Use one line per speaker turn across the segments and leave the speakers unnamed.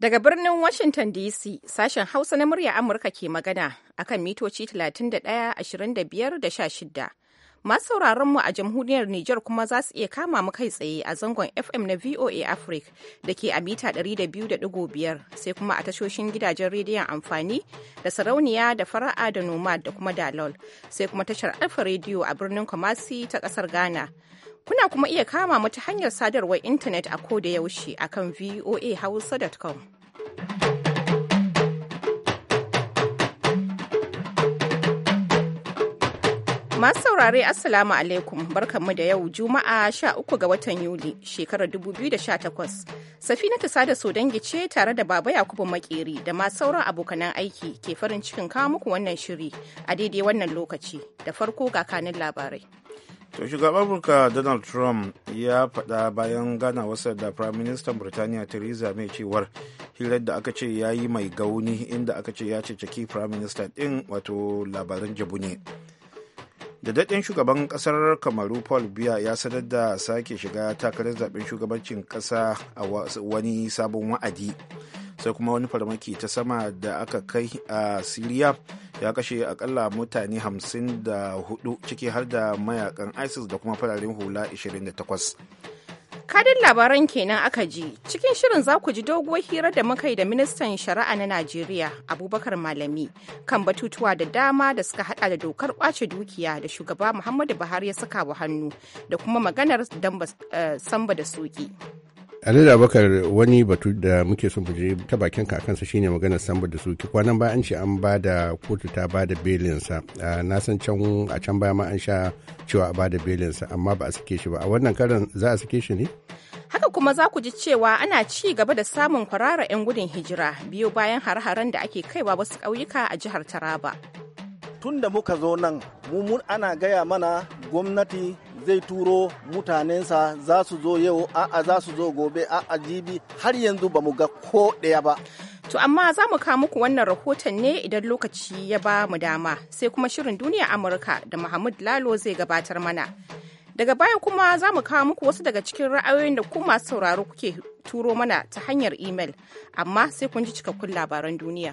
Daga birnin Washington DC, sashen Hausa na murya Amurka ke magana akan mitoci 31, 25 da 16. Masu sauraronmu a jamhuriyar Nijar kuma za su iya kama mu kai tsaye a zangon FM na VOA Africa da ke a mita 200.5 sai kuma a tashoshin gidajen rediyon amfani da sarauniya da fara'a da nomad da kuma dalol sai kuma tashar Alfa rediyo a birnin Kumasi ta kasar Ghana. Kuna kuma iya kama mu ta hanyar sadarwar intanet a ko da yaushe a kan voahausa.com. Masu saurare Assalamu alaikum barkanmu da yau Juma'a 13 ga watan Yuli shekarar 2018. Safina ta Sada dangi ce tare da Baba Yakubu Makeri da ma sauran abokanan aiki ke farin cikin kawo muku wannan shiri a daidai wannan lokaci. Da farko ga kanin labarai.
to shugaban amurka donald trump ya faɗa bayan gana wasa da prime minister burtaniya theresa may cewar hirar da aka ce ya yi mai gauni inda aka ce ya ceceki prime minister ɗin wato labaran jabu ne da daɗin shugaban ƙasar kamaru paul biya ya sanar da sake shiga takarar zaɓen shugabancin ƙasa a wani sabon wa'adi sai kuma wani farmaki ta sama da aka kai a siriya ya kashe akalla mutane 54 ciki har da mayakan isis da kuma fararen hula 28
kadin labaran kenan aka ji cikin shirin za ku ji doguwar hira da muka yi da ministan shari'a na najeriya abubakar malami kan batutuwa da dama da suka hada da dokar kwace dukiya da shugaba muhammadu buhari ya saka wa hannu da kuma maganar eh, samba da soki.
Alhaji Abubakar wani batu da muke son muje ta bakin kakansa shine maganar samba da suki kwanan baya an ce an ba da kotu ta ba da belinsa na san can a can baya ma an sha cewa a ba da belinsa amma ba a sake shi ba a wannan karan za a sake shi ne?
Haka kuma za ku ji cewa ana ci gaba da samun kwarara 'yan gudun hijira biyo bayan hare-haren da ake kaiwa wasu ƙauyuka a jihar Taraba.
Tun da muka zo nan, mu ana gaya mana gwamnati zai turo mutanensa za su zo yau a'a za su zo gobe a'a jibi har yanzu ba mu ga ko ɗaya ba
To amma za mu kawo muku wannan rahoton ne idan lokaci ya ba mu dama sai kuma shirin duniya Amurka da Muhammad Lalo zai gabatar mana. Daga baya kuma za mu kawo muku wasu daga cikin ra'ayoyin da kuma sauraro kuke turo mana ta hanyar imel, amma sai kun ji cikakkun labaran duniya.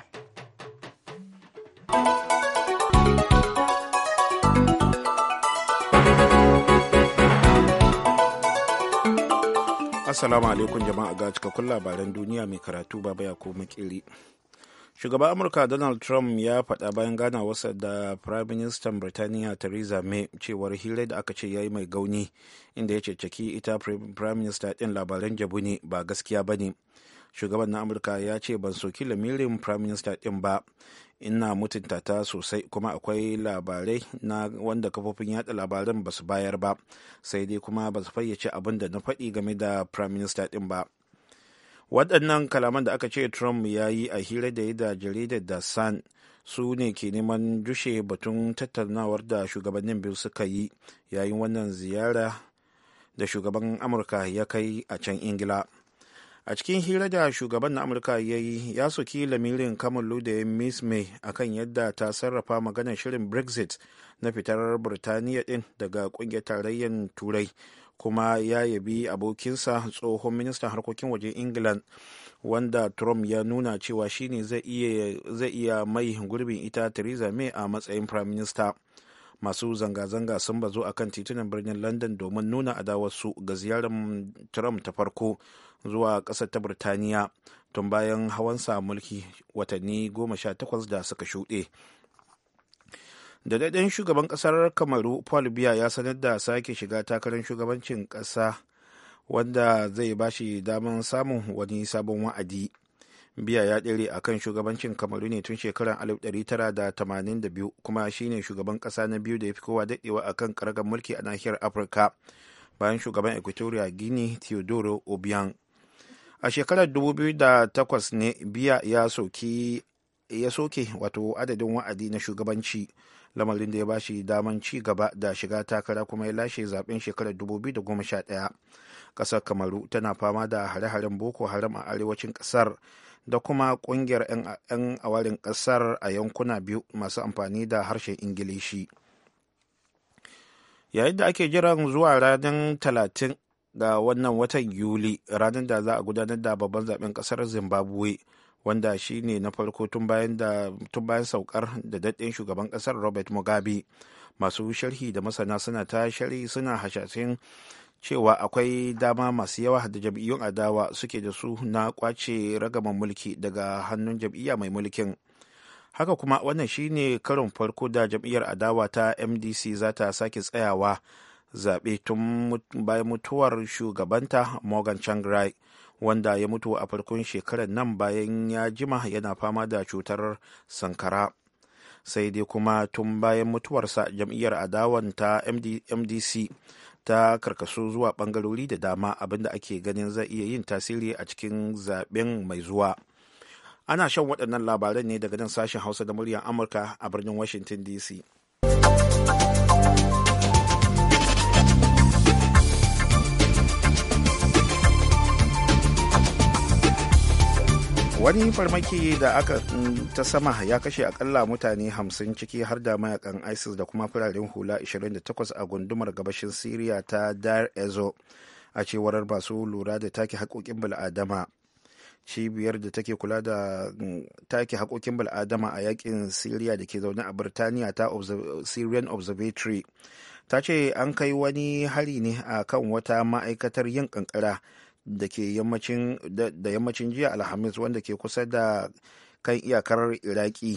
Assalamu alaikum jama'a ga cikakkun labaran duniya mai karatu baba ya ko makiri. Shugaban Amurka Donald Trump ya faɗa bayan ganawarsa da Prime Minister Birtaniya Theresa May cewar hirar da aka ce ya yi mai gauni inda ya ceceki ita Prime Minister ɗin labaran jabu ne ba gaskiya ba ne. shugaban na amurka ya ce ban soki lamirin prime minister din ba ina mutunta ta sosai kuma akwai labarai na wanda kafofin yada labaran ba su bayar ba sai dai kuma ba su fayyace abin da na faɗi game da prime minister din ba waɗannan kalaman da aka ce trump ya yi a hira da ya da jaridar da san su ne ke neman dushe batun tattaunawar da shugabannin biyu suka yi yayin wannan ziyara da shugaban amurka ya kai a can ingila a cikin hira da shugaban na amurka ya yi ya soki lamirin kamalu da miss may akan yadda ta sarrafa maganar shirin brexit na fitar birtaniya din daga kungiyar tarayyar turai kuma ya yabi abokinsa tsohon ministan harkokin wajen england wanda trump ya nuna cewa shine zai iya mai gurbin ita theresa may a matsayin prime minister masu zanga-zanga sun bazu a kan titunan birnin london domin nuna adawarsu ga ziyarar trump ta farko zuwa ƙasar ta birtaniya tun bayan hawan sa mulki watanni goma sha takwas da suka shuɗe da shugaban ƙasar kamaru paul biya ya sanar da sake shiga takarar shugabancin ƙasa wanda zai ba shi damar samun wani sabon wa'adi biya ya dare a kan shugabancin kamaru ne tun shekarar 1982 kuma shine shugaban ƙasa na biyu da ya fi kowa daɗewa a kan karagar mulki a nahiyar afirka bayan shugaban equatoria guinea theodoro obiang a shekarar 2008 ne biya ya soke ya soke wato adadin wa'adi na shugabanci lamarin da ya bashi daman ci gaba da shiga takara kuma ya lashe zaben shekarar 2011 ƙasar kamaru tana fama da hare-haren boko haram a arewacin kasar. da kuma kungiyar 'yan awarin ƙasar a yankuna biyu masu amfani da harshen ingilishi yayin da ake jiran zuwa ranar talatin ga wannan watan yuli ranar da za a gudanar da babban zaben ƙasar zimbabwe wanda shi ne na farko tun bayan saukar da daɗin shugaban ƙasar robert mugabe masu sharhi da masana suna ta shari suna hashashen cewa akwai dama masu yawa da jam'iyyun adawa suke da su na kwace ragaman mulki daga hannun jam'iyya mai mulkin haka kuma wannan shine karin farko da jam'iyyar adawa ta mdc za ta sake tsayawa zaɓe tun bayan mutuwar shugabanta morgan changrai wanda ya mutu a farkon shekarar nan bayan ya jima yana fama da cutar sankara sai dai kuma tun bayan mutuwarsa jam'iyyar adawan ta MD, mdc ta karkasu zuwa bangarori da dama abinda ake ganin zai iya yin tasiri a cikin zaben mai zuwa ana shan waɗannan labaran ne daga nan sashen hausa da muryar amurka a birnin washington dc wani farmaki da aka mm, ta sama ya kashe akalla mutane 50 ciki har da mayakan isis da kuma fararen hula 28 a gundumar gabashin syria ta dar ezo a cewar masu lura da take haƙoƙin bil'adama cibiyar da take kula da mm, take haƙoƙin bil'adama a yakin syria da ke zaune a birtaniya ta syrian observatory ta ce an kai wani hari ne a kan wata ma'aikatar yin kankara da ke yammacin jiya alhamis wanda ke kusa da kan iyakar iraki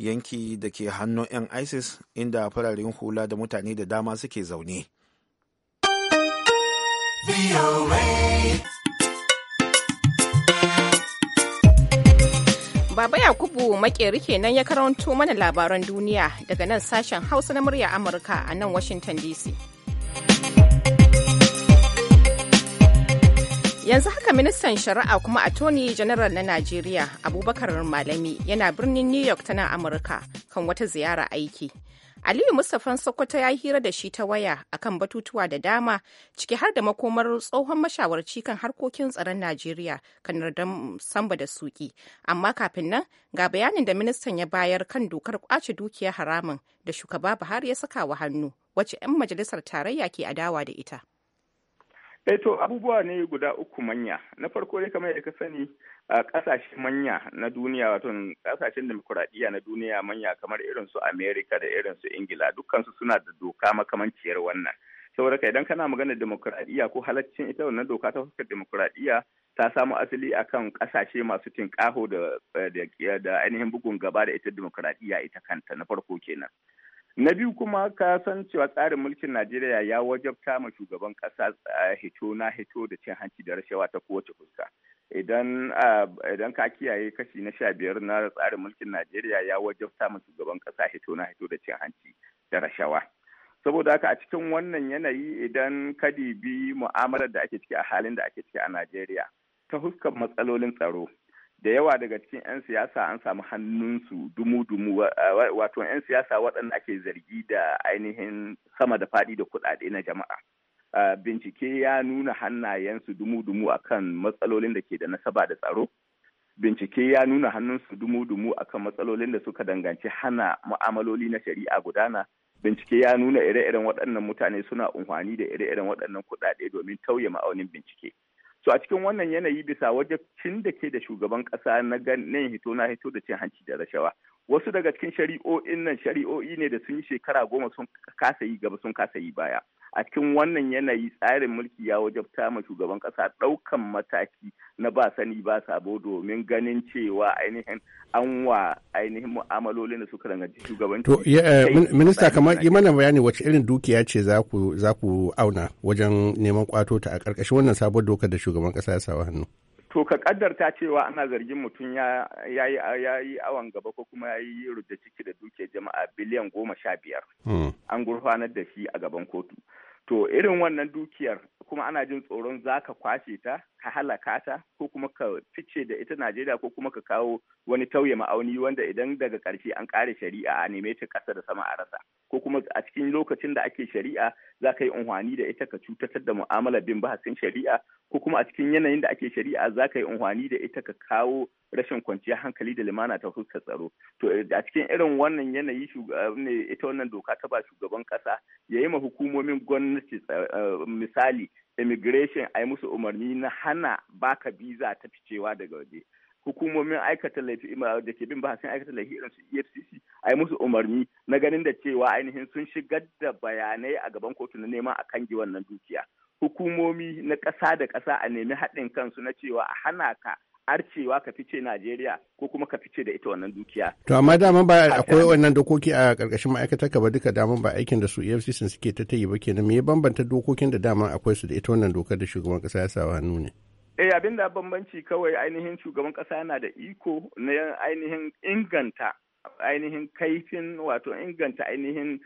yanki da ke hannun 'yan isis inda fararen hula da mutane da dama suke zaune
Baba Yakubu makeri kenan ya karanto mana labaran duniya daga nan sashen Hausa na murya Amurka a nan Washington DC. yanzu haka ministan shari'a kuma a attorney general na najeriya abubakar malami yana birnin new york ta nan amurka kan wata ziyara aiki aliyu mustapha sokoto ya hira da shi ta waya akan batutuwa da dama ciki har da makomar tsohon mashawarci kan harkokin tsaron najeriya kan don samba da suki amma kafin nan ga bayanin da ministan ya bayar kan dokar kwace dukiyar haramun da shugaba buhari ya saka wa hannu wacce 'yan majalisar tarayya ke adawa da ita
Eh to abubuwa ne guda uku manya. Na farko dai kamar ka sani a kasashe manya na duniya wato kasashen demokuraɗiyya na duniya manya kamar irin su Amerika da irin su Ingila dukansu suna da doka makamanciyar wannan. Saboda ka idan kana magana demokuraɗiyya ko halaccin ita wannan doka ta fuskar demokuraɗiyya ta samu asali a kan kasashe masu cin eh, da da ainihin bugun gaba da ita demokuraɗiyya ita kanta na farko kenan. Na biyu kuma ka san cewa tsarin mulkin Najeriya ya wajabta ma shugaban kasa eh, hito na hito da cin hanci da rashawa ta kowace fuska. Ah, idan ka kiyaye kashi na sha biyar na tsarin mulkin Najeriya ya wajabta ma shugaban kasa hito na hito da cin hanci da rashawa. Saboda haka a cikin wannan yanayi idan ka dibi mu'amalar da ake ciki a halin da ake ciki a Najeriya ta huskar matsalolin tsaro da yawa daga cikin 'yan siyasa an samu hannunsu dumu-dumu wato 'yan siyasa waɗanda ake zargi da ainihin sama da faɗi da kuɗaɗe na jama'a. Bincike ya nuna hannayensu dumu-dumu akan matsalolin da ke da nasaba da tsaro. Bincike ya nuna hannunsu dumu-dumu akan matsalolin da suka danganci hana mu'amaloli na shari'a gudana. Bincike ya nuna ire-iren waɗannan mutane suna unhwani da ire-iren waɗannan kuɗaɗe domin tauye ma'aunin bincike. so a cikin wannan yanayi bisa cin da ke da shugaban ƙasa na ganin hito na hito da cin hanci da rashawa wasu daga cikin shari'o'in nan shari'o'i ne da sun yi shekara goma sun kasa yi gaba sun kasa yi baya a cikin wannan yanayi tsarin mulki ya wajabta ma shugaban kasa ɗaukan mataki na ba sani ba sabo domin ganin cewa ainihin an wa ainihin mu'amalolin da suka danganci shugabanci. To, eh, minista kamar yi mana
bayani wace irin dukiya ce za ku auna wajen neman kwato ta a ƙarƙashin wannan sabon dokar da shugaban kasa ya sawa hannu.
to ka kaddarta cewa ana zargin mutum ya yi awon gaba ko kuma ya yi rudda ciki da dukiyar jama'a biliyan goma sha biyar hmm. an gurfanar da shi a gaban kotu to irin wannan dukiyar kuma ana jin tsoron za ka kwace ta ka halaka ta ko kuma ka fice da ita Najeriya ko kuma ka kawo wani tauye ma'auni wanda idan daga ƙarshe an ƙare shari'a a neme ta ƙasa da sama a rasa ko kuma a cikin lokacin da ake shari'a za ka yi unhwani da ita ka cutatar da mu'amalar bin bahasin shari'a ko kuma a cikin yanayin da ake shari'a za ka yi unhwani da ita ka kawo rashin kwanciyar hankali da limana ta fuskar tsaro to eh, a cikin irin wannan yanayi eh, ne ita wannan doka ta ba shugaban ƙasa ya yi ma hukumomin gwamnati eh, misali immigration a yi musu umarni na hana baka visa ta ficewa daga waje hukumomin aikata laifi da ke bin bahasin aikata laifi irin su efcc a yi musu umarni na ganin da cewa ainihin sun shigar da bayanai a gaban kotu na neman a kange wannan dukiya hukumomi na ƙasa da ƙasa a nemi haɗin kansu na cewa a hana ka arcewa ka fice Najeriya ko kuma ka fice da ita wannan dukiya.
To amma daman ba akwai wannan dokoki a ƙarƙashin ma'aikatar ka ba duka daman ba aikin da su EFCC suke ta tayi ba kenan me bambanta dokokin da daman akwai su da ita wannan dokar da shugaban ƙasa ya sawa hannu ne.
Eh abin da bambanci kawai ainihin shugaban ƙasa yana da iko na ainihin inganta ainihin kaifin wato inganta ainihin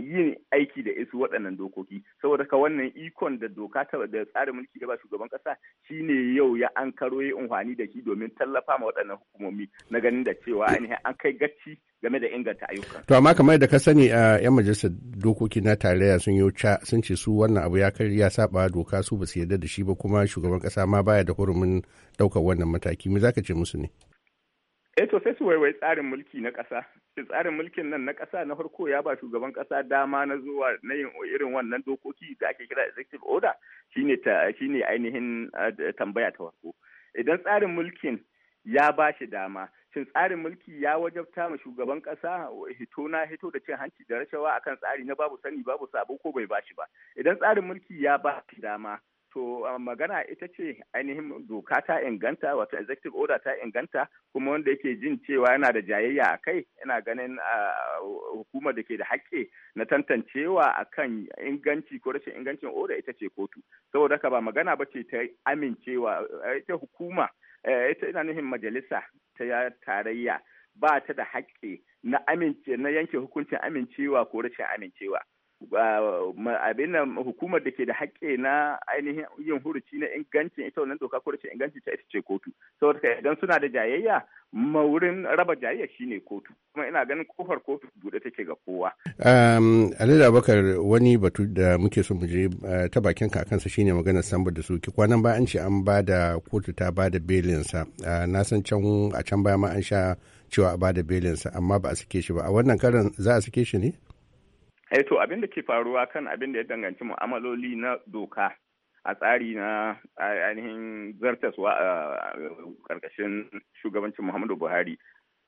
yin aiki da isu waɗannan dokoki saboda ka wannan ikon da doka ta da tsarin mulki da ba shugaban kasa shine yau ya an karo ya unhwani da shi domin tallafa ma waɗannan hukumomi na ganin da cewa ainihin an kai gaci game da inganta ayyuka.
To amma kamar da ka sani a yan majalisar dokoki na tarayya sun yi sun ce su wannan abu ya kai ya saba doka su basu yarda da shi ba kuma shugaban kasa ma baya da hurumin ɗaukar wannan mataki me zaka ce musu ne?
eh to sai su waiwai tsarin mulki na ƙasa shi tsarin mulkin nan na ƙasa na farko ya ba shugaban ƙasa dama na zuwa na yin irin wannan dokoki da ake kira executive order shine ta shine ainihin eh, tambaya ta farko idan tsarin mulkin ya ba shi dama shin tsarin mulki ya wajabta ma shugaban ƙasa hito na hito da cin hanci da rashawa akan tsari na babu sani babu sabo ko bai ba shi ba idan tsarin mulki ya ba shi dama To magana ita ce ainihin doka ta inganta wato executive order ta inganta kuma wanda yake jin cewa yana da jayayya a kai yana ganin hukumar da ke da haƙƙi na tantancewa a kan inganci ko rashin ingancin order ita ce kotu. Saboda haka ba magana ba ce ta amincewa ita hukuma eh, ita ina nufin majalisa ta tarayya ba ta da haƙƙi na yanke hukuncin amincewa ko rashin amincewa. abin nan hukumar da ke da haƙƙi na ainihin yin huruci na ingancin ita wannan doka ko inganci ta ita ce kotu saboda idan suna da jayayya wurin raba jayayya shine kotu kuma ina ganin kofar kotu bude take ga kowa.
Um, Alhaji bakar wani batu da muke so mu je eh, ta bakin kakansa shine maganar samba da suki kwanan ba an ce an ba da kotu ta ba da belinsa ah, na san can a can baya ma an sha cewa a ba da belinsa amma ba a sake shi ba a wannan karan za a sake shi ne?
Eh to abin da ke faruwa kan abin da ya danganci mu'amaloli na doka a tsari na ainihin zartaswa a karkashin shugabancin Muhammadu Buhari.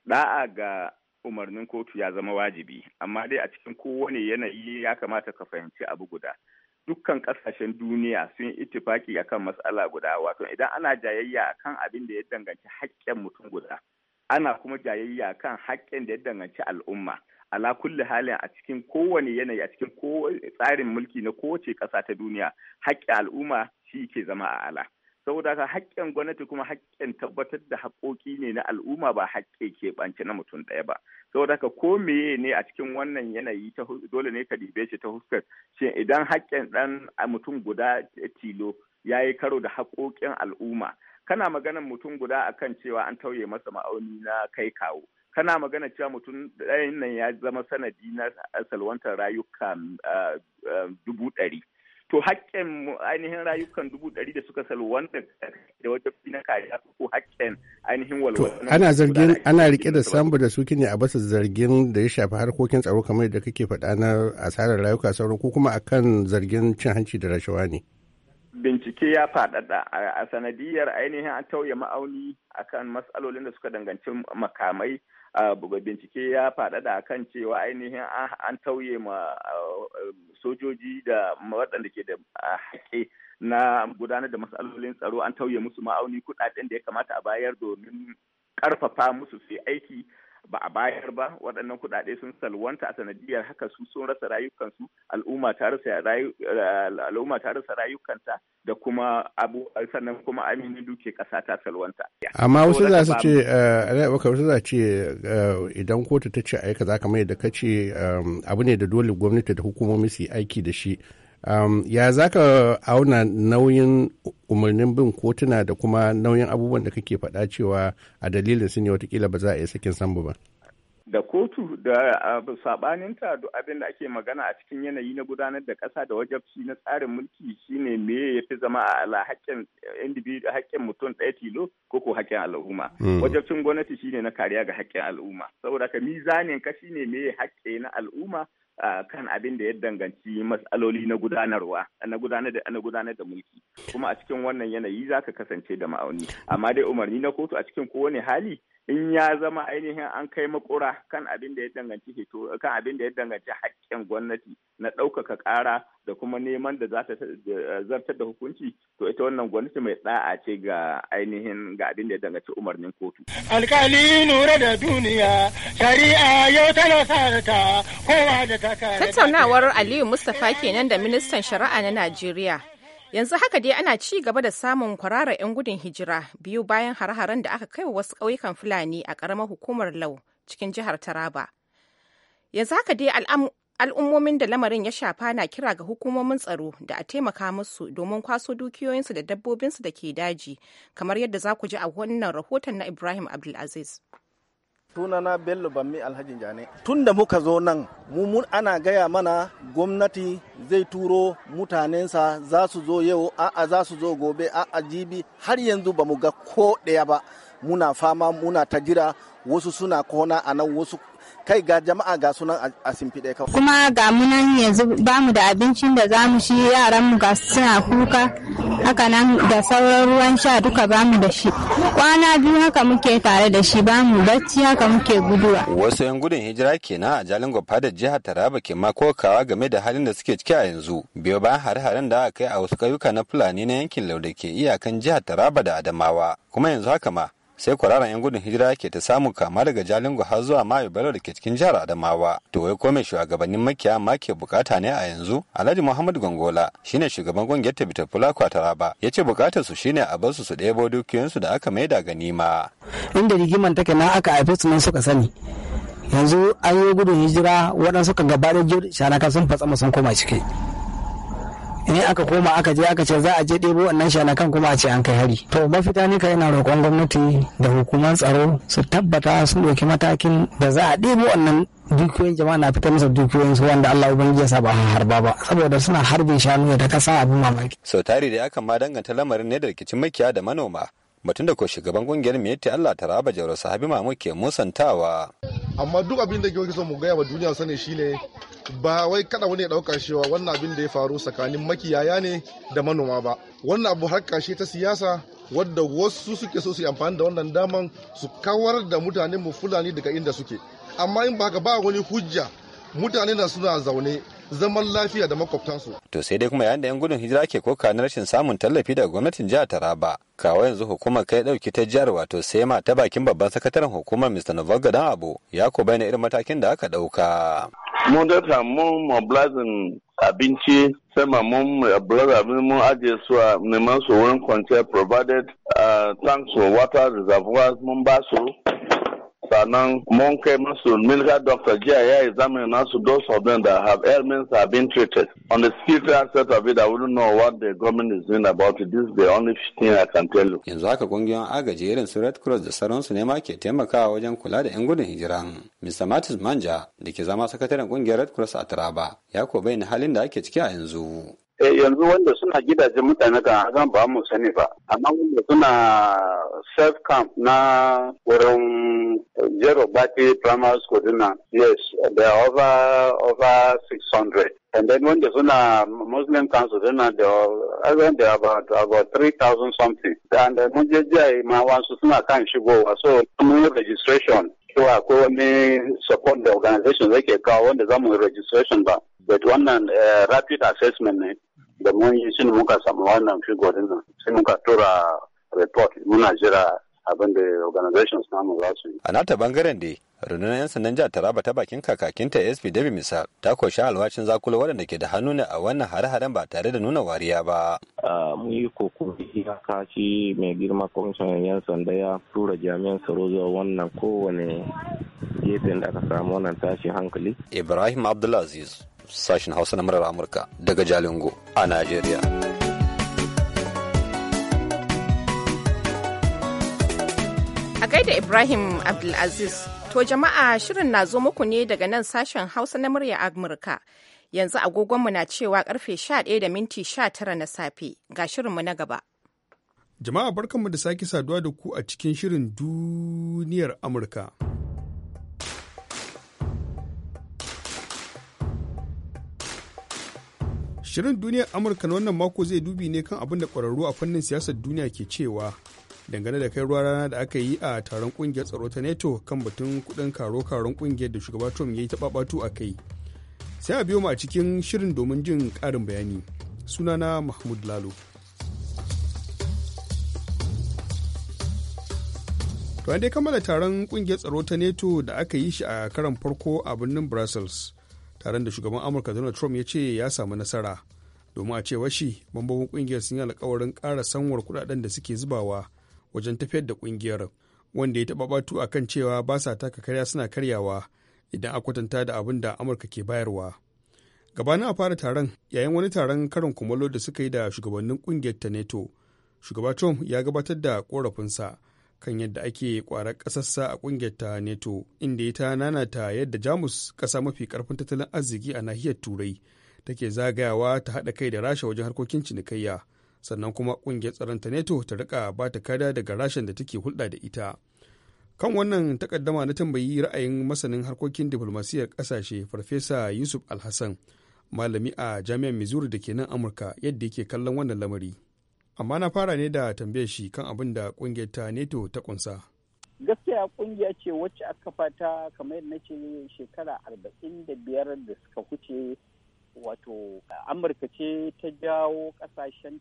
Da'a ga umarnin kotu ya zama wajibi, amma dai a cikin kowane yanayi ya kamata ka fahimci abu guda. Dukkan ƙasashen duniya sun ittifaki akan matsala guda, wato idan ana jayayya akan abin da ya danganci haƙƙin mutum guda, ana kuma jayayya kan haƙƙin da ya danganci al'umma. ala kulli halin a cikin kowane yanayi a cikin tsarin mulki na kowace ƙasa ta duniya haƙƙi al'umma shi ke zama a ala saboda haka haƙƙin gwamnati kuma haƙƙin tabbatar da haƙoƙi ne na al'umma ba haƙƙi ɓance na mutum ɗaya ba saboda haka ko meye ne a cikin wannan yanayi ta dole ne ka dibe shi ta huskar shin idan haƙƙin ɗan mutum guda tilo ya yi karo da haƙoƙin al'umma kana maganan mutum guda akan cewa an tauye masa ma'auni na kai kawo kana magana cewa mutum ɗayan nan ya zama sanadi na salwantar rayuka ah, ah, dubu ɗari to haƙƙin ainihin rayukan dubu ɗari da suka salwanta da wata na kariya ko haƙƙin ainihin walwala ana zargin
ana rike da sambu da suke ne a basu zargin da ya shafi harkokin tsaro kamar da kake faɗa na asarar rayuka sauran ko kuma akan zargin cin hanci da rashawa ne
bincike ya faɗaɗa a sanadiyar ainihin an tauye ma'auni akan matsalolin da suka danganci makamai bincike ya faɗaɗa kan cewa ainihin an tauye ma sojoji da waɗanda ke da haƙe na gudanar da matsalolin tsaro an tauye musu ma'auni kuɗaɗen da ya kamata a bayar domin ƙarfafa musu su aiki ba a bayar ba waɗannan kuɗaɗe sun salwanta a sanadiyar haka su sun rasa rayukansu al'umma ta rasa rayukanta da kuma abu sannan kuma amini duke ƙasa ta salwanta amma wasu eh, za su
ce ce eh, idan kotu ta ce aika za ka mai da kace eh, abu ne da dole gwamnati da hukumomi su yi aiki da shi Um, ya za ka auna nauyin umarnin bin kotuna da kuma nauyin abubuwan da kake faɗa cewa a dalilin su ne watakila ba za a iya sakin sambu ba?
Da kotu da uh, saɓaninta da abin da ake magana a cikin yanayi na gudanar da ƙasa da wajabci na tsarin mulki shine me ya fi zama a ala haƙƙin haƙƙin mutum ɗaya tilo ko ko haƙƙin al'umma. Hmm. Wajabcin gwamnati shine na kariya ga haƙƙin al'umma. Saboda ka mizanin ka shine me ya haƙƙe na al'umma kan abin da ya danganci matsaloli na gudanarwa na gudanar da na gudanar da mulki kuma a cikin wannan yanayi zaka kasance da ma'auni amma dai umarni na kotu a cikin kowane hali in ya zama ainihin an kai makura kan abin da ya danganci kan abin da ya danganci haƙƙin gwamnati na ɗaukaka ƙara da kuma neman da za ta zartar da hukunci to ita wannan gwamnati mai ɗa'a ce ga ainihin ga abin da ya danganci umarnin kotu. alkali nura da duniya shari'a
yau tana sarata kowa da ta Tattaunawar Aliyu Mustapha kenan da ministan shari'a na Najeriya. yanzu haka dai ana ci gaba da samun kwararar 'yan gudun hijira biyu bayan hare-haren da aka kai wa wasu ƙauyukan fulani a ƙaramar hukumar lau cikin jihar taraba yanzu haka dai al'ummomin da lamarin ya shafa na kira ga hukumomin tsaro da a taimaka musu domin kwaso dukiyoyinsu da dabbobinsu da ke daji kamar yadda za ku ji a wannan rahoton na ibrahim abdulaziz sunana bello bammi alhaji jane
tun da muka zo nan mun ana gaya mana gwamnati zai turo mutanensa za su zo yau a'a za su zo gobe a'a jibi har yanzu ba mu ga ko ɗaya ba muna fama muna ta jira wasu suna kona a nan wasu kai
ga jama'a ga sunan a simfiɗe kawai.
Kuma ga munan yanzu ba mu da abincin da za mu shi yaran mu ga suna kuka haka nan da sauran ruwan sha duka ba mu da shi. Kwana biyu haka muke tare da shi ba mu bacci haka muke guduwa.
Wasu yan gudun hijira kenan a jalin gwafa da jihar Taraba ke ma kokawa game da halin da suke ciki a yanzu. Biyo bayan hare-haren da aka kai a wasu kayuka na Fulani na yankin Lauda ke iyakan jihar Taraba da Adamawa. Kuma yanzu haka ma sai kwararan 'yan gudun hijira ke ta samu kama daga jalingo har zuwa mayu bello da ke cikin jihar adamawa to wai kome shugabannin makiya ma ke bukata ne a yanzu alhaji muhammadu gongola shine shugaban kungiyar tabita fula kwataraba ya ce bukatar shine a basu su ɗebo dukiyoyinsu da
aka maida ganima inda rigiman take na aka haife su nan suka sani yanzu an yi gudun hijira waɗansu kan gaba da shana sun fatsa sun koma ciki ne aka koma aka je aka ce za a je ɗebo wannan shanakan kuma a ce an kai hari to mafita ne ka yana roƙon gwamnati da hukumar tsaro su tabbata sun ɗauki matakin da za a ɗebo wannan dukiyoyin jama'a na fitar musu dukiyoyin su wanda Allah ubangiji ya saba harba ba saboda suna harbin shanu da ta kasa abin mamaki.
Sautari da ya ma danganta lamarin ne da rikicin makiya da manoma batun da ko shugaban kungiyar miyatti Allah ta raba Jauro Sahabi Mamu ke musantawa.
Amma duk abin da kike so mu gaya wa duniya sani shine ba wai kada wani ya dauka cewa wannan abin da ya faru tsakanin makiyaya ne da manoma ba. Wannan abu har kashe ta siyasa wadda wasu suke so su yi amfani da wannan daman su kawar da mutane mu Fulani daga inda suke. Amma in ba ka ba wani hujja mutane na suna zaune zaman lafiya da makwabtansu.
To sai dai kuma yayin da 'yan gudun hijira ke koka na rashin samun tallafi daga gwamnatin jihar Taraba kawo yanzu hukumar kai dauki ta jihar wato sema ta bakin babban sakataren hukumar mr novak dan abu ya ko bayyana irin matakin
da aka dauka mun ta mun mobilizing abinci sai ma mun mobilize eh, abin mun ajiye su a neman su wurin kwanciya provided eh, tanks for water reservoirs mun ba su sannan mun kai musu military doctor jiya ya yi examine nasu those of them that have ailments have been treated. On the spiritual aspect of it, I wouldn't know what the government is doing about it. This is the only thing I can tell you. Yanzu haka kungiyoyin
agaji irin su Red Cross da sauransu ne ma ke taimakawa wajen kula da 'yan gudun hijira. Mr. Matis Manja da ke zama sakataren ƙungiyar Red Cross a Taraba ya ko bayyana halin da ake ciki a yanzu.
Eh, yanzu wanda suna gidajen mutane kan hakan ba mu sani ba amma wanda suna self camp na wurin zero eh, bati primary school dinnan yes they are over over 600 and then wanda suna muslim council dinnan they are again they are about about 3000 something and mun je jiya ma wasu suna kan shigowa so mun yi registration to akwai wani support da organization zai ke kawo wanda zamu registration ba but wannan eh, rapid assessment ne da mun yi shi muka samu wannan figo din nan sai muka tura report muna jira abin da organizations namu za su yi.
A nata bangaren da rundunar 'yan sandan jihar Taraba ta bakin kakakinta SP Dabi ta koshi alwacin zakula waɗanda ke da hannu ne a wannan hare-haren ba
tare da nuna wariya ba. Mun yi kokuri ya
kashi mai girma kwamishinan
'yan sanda ya tura jami'an tsaro zuwa wannan kowane gefen da aka samu wannan tashin hankali.
Ibrahim Abdulaziz sashen Hausa na murar Amurka daga Jalingo a Najeriya.
A gaida Ibrahim Abdulaziz, to jama'a shirin na zo muku ne daga nan sashen Hausa na murya Amurka. Yanzu agogonmu na cewa karfe 11 da minti 19 na safe ga shirinmu na gaba.
Jama'a barkanmu da sake saduwa da ku a cikin shirin duniyar Amurka. Shirin duniyar Amurka na wannan mako zai dubi ne kan abin da kwararru a fannin siyasar duniya ke cewa dangane da kai ruwa rana da aka yi a taron ƙungiyar tsaro ta NATO kan batun kuɗin karo-karon ƙungiyar da shugaba Trump ya yi ta ɓaɓatu a kai. Sai a biyo mu a cikin shirin domin jin ƙarin bayani. Sunana Mahmud Lalo. To an dai kammala taron kungiyar tsaro ta NATO da aka yi shi a karan farko a birnin Brussels. taron da shugaban amurka donald trump ya ce ya samu nasara domin a cewar shi mambobin kungiyar sun yi alkawarin kara sanwar kudaden da suke zubawa wajen tafiyar da kungiyar wanda ya taɓa batu a kan cewa ba sa taka karya suna karyawa idan a kwatanta da abin da amurka ke bayarwa gabanin a fara taron yayin wani taron karin kumallo da suka yi da shugabannin kungiyar ta neto shugaba trump ya gabatar da korafinsa kan yadda ake kwara ƙasarsa a ƙungiyar ta neto inda ya ta nanata yadda jamus ƙasa mafi ƙarfin tattalin arziki a nahiyar turai take zagayawa ta haɗa kai da rasha wajen harkokin cinikayya sannan kuma ƙungiyar tsaron ta neto ta rika ba ta kada daga rashin da take hulɗa da ita kan wannan takaddama na tambayi ra'ayin masanin harkokin diflomasiyyar ƙasashe farfesa yusuf alhassan malami a jami'ar missouri da ke nan amurka yadda yake kallon wannan lamari amma na fara ne da tambaye shi kan abin da kungiyar ta neto ta kunsa
gaskiya kungiya ce wacce aka fata kamar yadda ce shekara arba'in da biyar da suka huce wato amurka ce ta jawo kasashen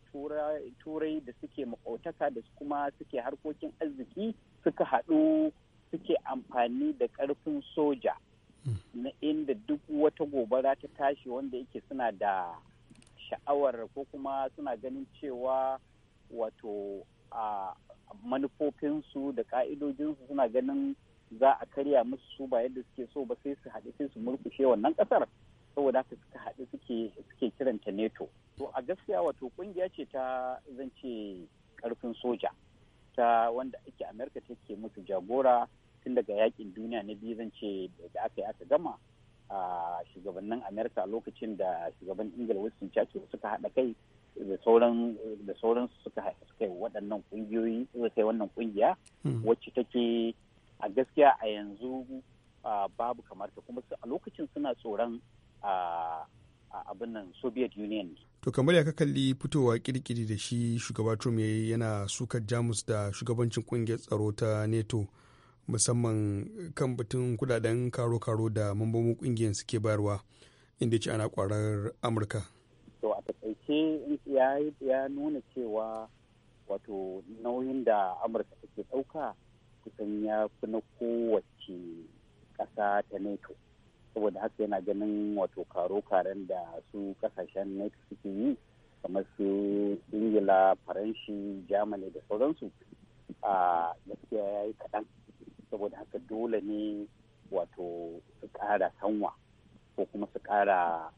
turai da suke makautaka da kuma suke harkokin arziki suka haɗu suke amfani da ƙarfin soja hmm. na inda duk wata gobara ta tashi wanda yake suna da sha'awar ko kuma suna ganin cewa wato a manufofinsu da ka'idojinsu suna ganin za a karya musu su ba yadda suke so ba sai su haɗu sai su murkushe wannan ƙasar saboda haka suka haɗu suke kiranta neto to a gaskiya wato ƙungiya ce ta zance ƙarfin soja ta wanda ake amerika take musu jagora tun daga yakin duniya na biyu zance da aka yi aka gama a shugabannin amerika lokacin da shugaban ingila wilson churchill suka haɗa kai da sauran su suka suka kai waɗannan kungiyoyi suka kai wannan kungiya hmm. wacce take a gaskiya a yanzu babu kamar ta kuma a lokacin suna tsoron abin nan soviet union
to kamar ya ka kalli fitowa kirkiri da shi shugaba trump yana sukar jamus da shugabancin ƙungiyar tsaro ta nato musamman kan batun kudaden karo-karo da mambobin kungiyar suke bayarwa inda ce ana kwarar amurka to
a takaice ya nuna cewa wato nauyin da amurka take ɗauka kusan ya fi na kowace ƙasa ta nato saboda haka yana ganin wato karo-karen da su kasashen nato suke yi kamar su ingila faranshi germany da sauransu a gaskiya ya yi kaɗan saboda haka dole ne wato su kara sanwa ko kuma su kara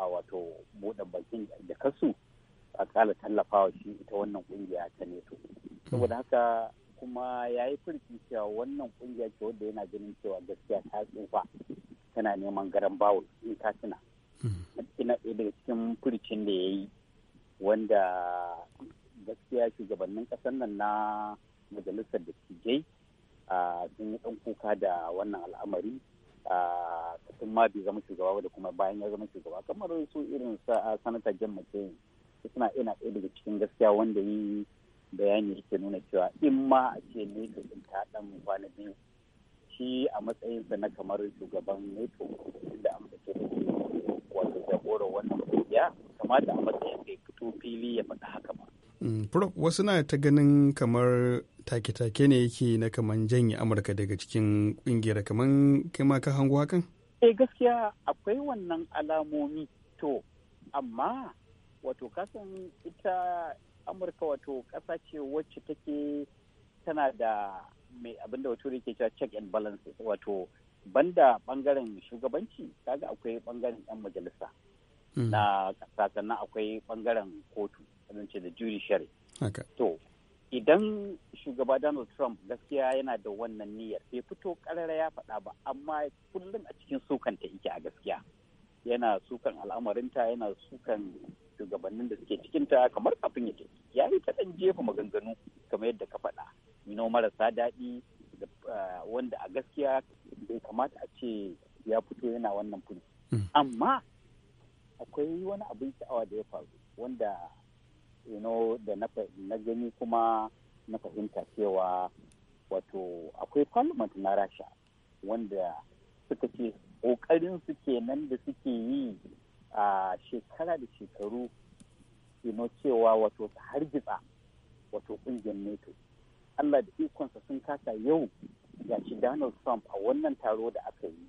a wato buɗe bakin da kasu a ƙara tallafawa shi ita wannan ƙungiya ta neto saboda haka kuma ya yi furki cewa wannan kungiya ce wadda yana ganin cewa gaskiya ta tsufa tana neman garan bawul in ta tuna ina daga cikin furcin da ya yi wanda gaskiya shugabannin ƙasar nan na majalisar da dattijai sun yi kuka da wannan al'amari a ma bai zama shugaba da kuma bayan ya zama shugaba kamar su irin sanata jan mace suna ina ɗaya daga cikin gaskiya wanda yi bayani yake nuna cewa in ma a ce ne ka tsinta ɗan kwana biyu shi a matsayinsa na kamar shugaban neto da amurka da ke wato jagorar wannan kungiya kamata a matsayin ya fito fili ya faɗi haka ba
Mm, Prof wasu na ta ganin kamar take-take ne yake na kamar janye Amurka daga cikin kungiyar kamar kai ma ka hango hakan?
Eh gaskiya akwai wannan alamomi to amma wato kasan ita Amurka wato ƙasa ce wacce take tana da mai abinda wato da ke cewa check and balance wato banda bangaren shugabanci kaga akwai bangaren 'yan majalisa mm. na sannan akwai bangaren kotu ce da judiciary to idan shugaba donald trump gaskiya yana da wannan niyyar bai fito karara ya faɗa ba amma kullum a cikin sukanta ike a gaskiya yana sukan al'amarinta yana sukan shugabannin da suke cikinta kamar kafin ya tafi ya yi ta ɗan jefa maganganu kamar yadda ka faɗa ino marasa daɗi uh, wanda a gaskiya bai kamata a ce ya fito yana wannan fili mm. amma akwai wani abin sha'awa da ya faru wanda you da na gani kuma na fahimta cewa wato akwai parliament na rasha wanda suka ce ƙoƙarin su kenan da suke yi a shekara da shekaru ino cewa wato hargitsa wato kungiyar nato allah da ikonsa sun kasa yau ya ci donald trump a wannan taro da aka yi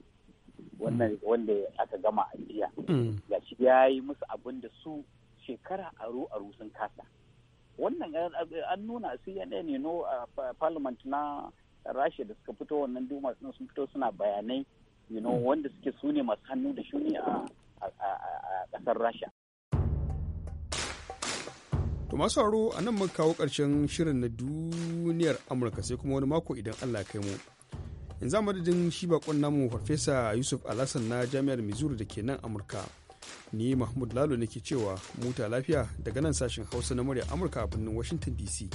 mm. wanda aka gama a jiya ya mm. ci ya yi musu abin da su shekara aro aro sun kasa wannan eh, eh, an nuna su you know a parliament na rasha da suka fito wannan duma sun fito suna bayanai you know hmm. wanda suke su ne masu hannu da shuni a kasar rasha
to masu aro a nan mun kawo ƙarshen shirin na duniyar amurka sai kuma wani mako idan allah kai mu yanzu a madadin shi bakon namu farfesa yusuf alasan na jami'ar missouri da ke nan amurka ni mahmud lalo ke cewa muta lafiya daga nan sashen hausa na murya amurka a birnin washington dc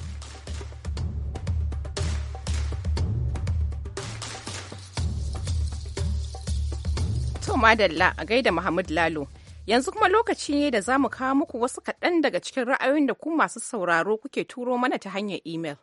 to madalla a gaida muhammad lalo yanzu kuma lokaci ne da za mu kawo muku wasu kaɗan daga cikin ra'ayoyin da ku masu sauraro kuke turo mana ta hanyar email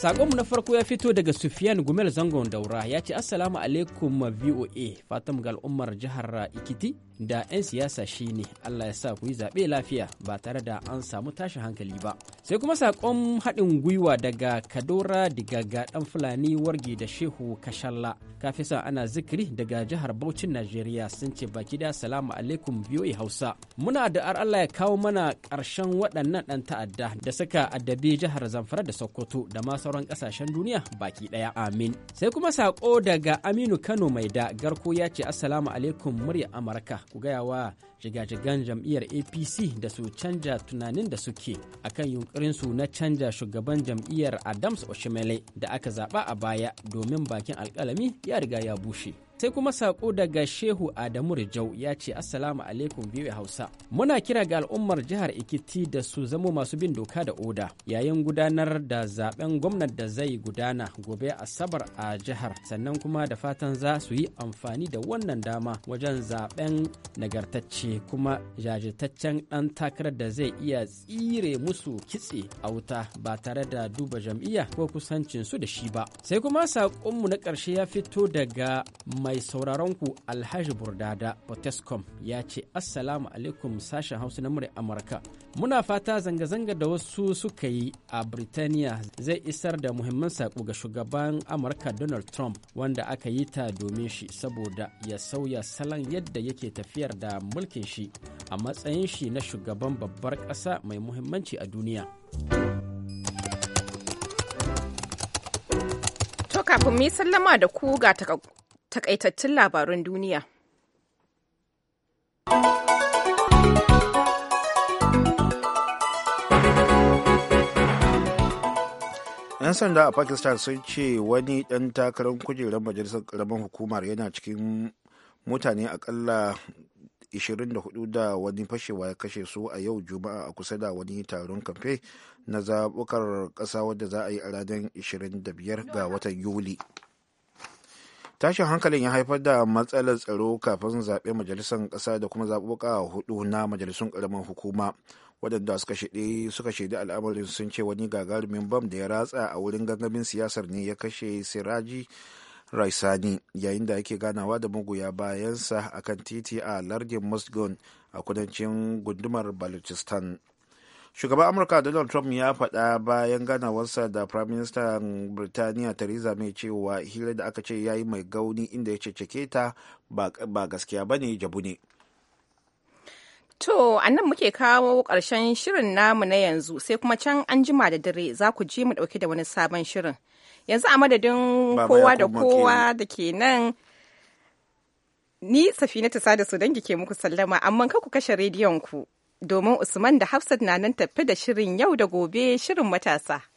Sakonmu na farko ya fito daga Sufiyan Gumel Zangon Daura ya ce Assalamu alaikum VOA fatan ga al'ummar jihar Ikiti da 'yan siyasa shi ne Allah ya sa ku yi zaɓe lafiya ba tare da an samu tashin hankali ba. Sai kuma saƙon haɗin gwiwa daga Kadora daga ɗan Fulani Warge da Shehu Kashalla. Kafisa ana zikiri daga jihar Bauchin Najeriya sun ce baki da salamu alaikum biyoyi Hausa. Muna da ar Allah ya kawo mana ƙarshen waɗannan ɗan ta'adda da suka addabi jihar Zamfara da Sokoto da ma sauran ƙasashen duniya baki ɗaya. Amin. Sai kuma saƙo daga Aminu Kano Maida Garko ya ce Assalamu alaikum murya Amurka. ku gaya wa shiga-shigan jam'iyyar apc da su canja tunanin da suke akan yunkurinsu na canja shugaban jam'iyyar adams oshimele da aka zaɓa a baya domin bakin alkalami ya riga ya bushe sai kuma sako daga shehu adamu rijau ya ce assalamu alaikum biyu hausa muna kira ga al'ummar jihar ikiti da su zamo masu bin doka da oda yayin gudanar da zaben gwamnan da zai gudana gobe asabar a jihar sannan kuma da fatan za su yi amfani da wannan dama wajen zaben nagartacce kuma jajirtaccen dan takarar da zai iya tsire musu kitse a wuta ba tare da duba jam'iyya ko kusancin su da shi ba sai kuma saƙonmu na ƙarshe ya fito daga mai sauraronku alhaji burdada potescom ya ce assalamu alaikum sashen hausa na murya amurka muna fata zanga-zanga da wasu suka yi a birtaniya zai isar da muhimman saƙo ga shugaban amurka donald trump wanda aka yi ta domin shi saboda ya sauya salon yadda yake tafiyar da mulkin shi a matsayin shi na shugaban babbar ƙasa mai muhimmanci a duniya.
kafin mu sallama da ku ga takaitattun labarun duniya.
yan sanda a pakistan sun ce wani ɗan takarar kujerar majalisar ƙaramin hukumar yana cikin mutane akalla 24 da wani fashewa ya kashe su a yau juma'a a kusa da wani taron kamfe na zaɓukar ƙasa wadda za a yi a ranar 25 ga watan yuli. tashin hankalin ya haifar da matsalar tsaro kafin zaɓen majalisar ƙasa da kuma zaɓuɓɓuka hudu na majalisun ƙaramin hukuma waɗanda suka shaidi suka shaidi al'amarin sun ce wani gagarumin bam da ya ratsa a wurin gangamin siyasar ne ya kashe siraji raisani yayin da yake ganawa da magoya bayansa akan titi a lardin musgon a kudancin gundumar balochistan shugaban amurka donald trump ya faɗa bayan ganawarsa da prime minister birtaniya theresa may cewa hira da aka ce ya yi mai gauni inda ya ceceke ta ba gaskiya ba ne jabu ne
To, a nan muke kawo ƙarshen shirin namu na yanzu sai kuma can an jima da dare za ku ji mu ɗauke da wani sabon shirin. Yanzu a madadin kowa da kowa da ke nan ni safina ta sada su dangi ke muku sallama, amma kanku kashe rediyon ku. domin Usman da Hafsat na nan tafi da shirin yau da gobe shirin matasa.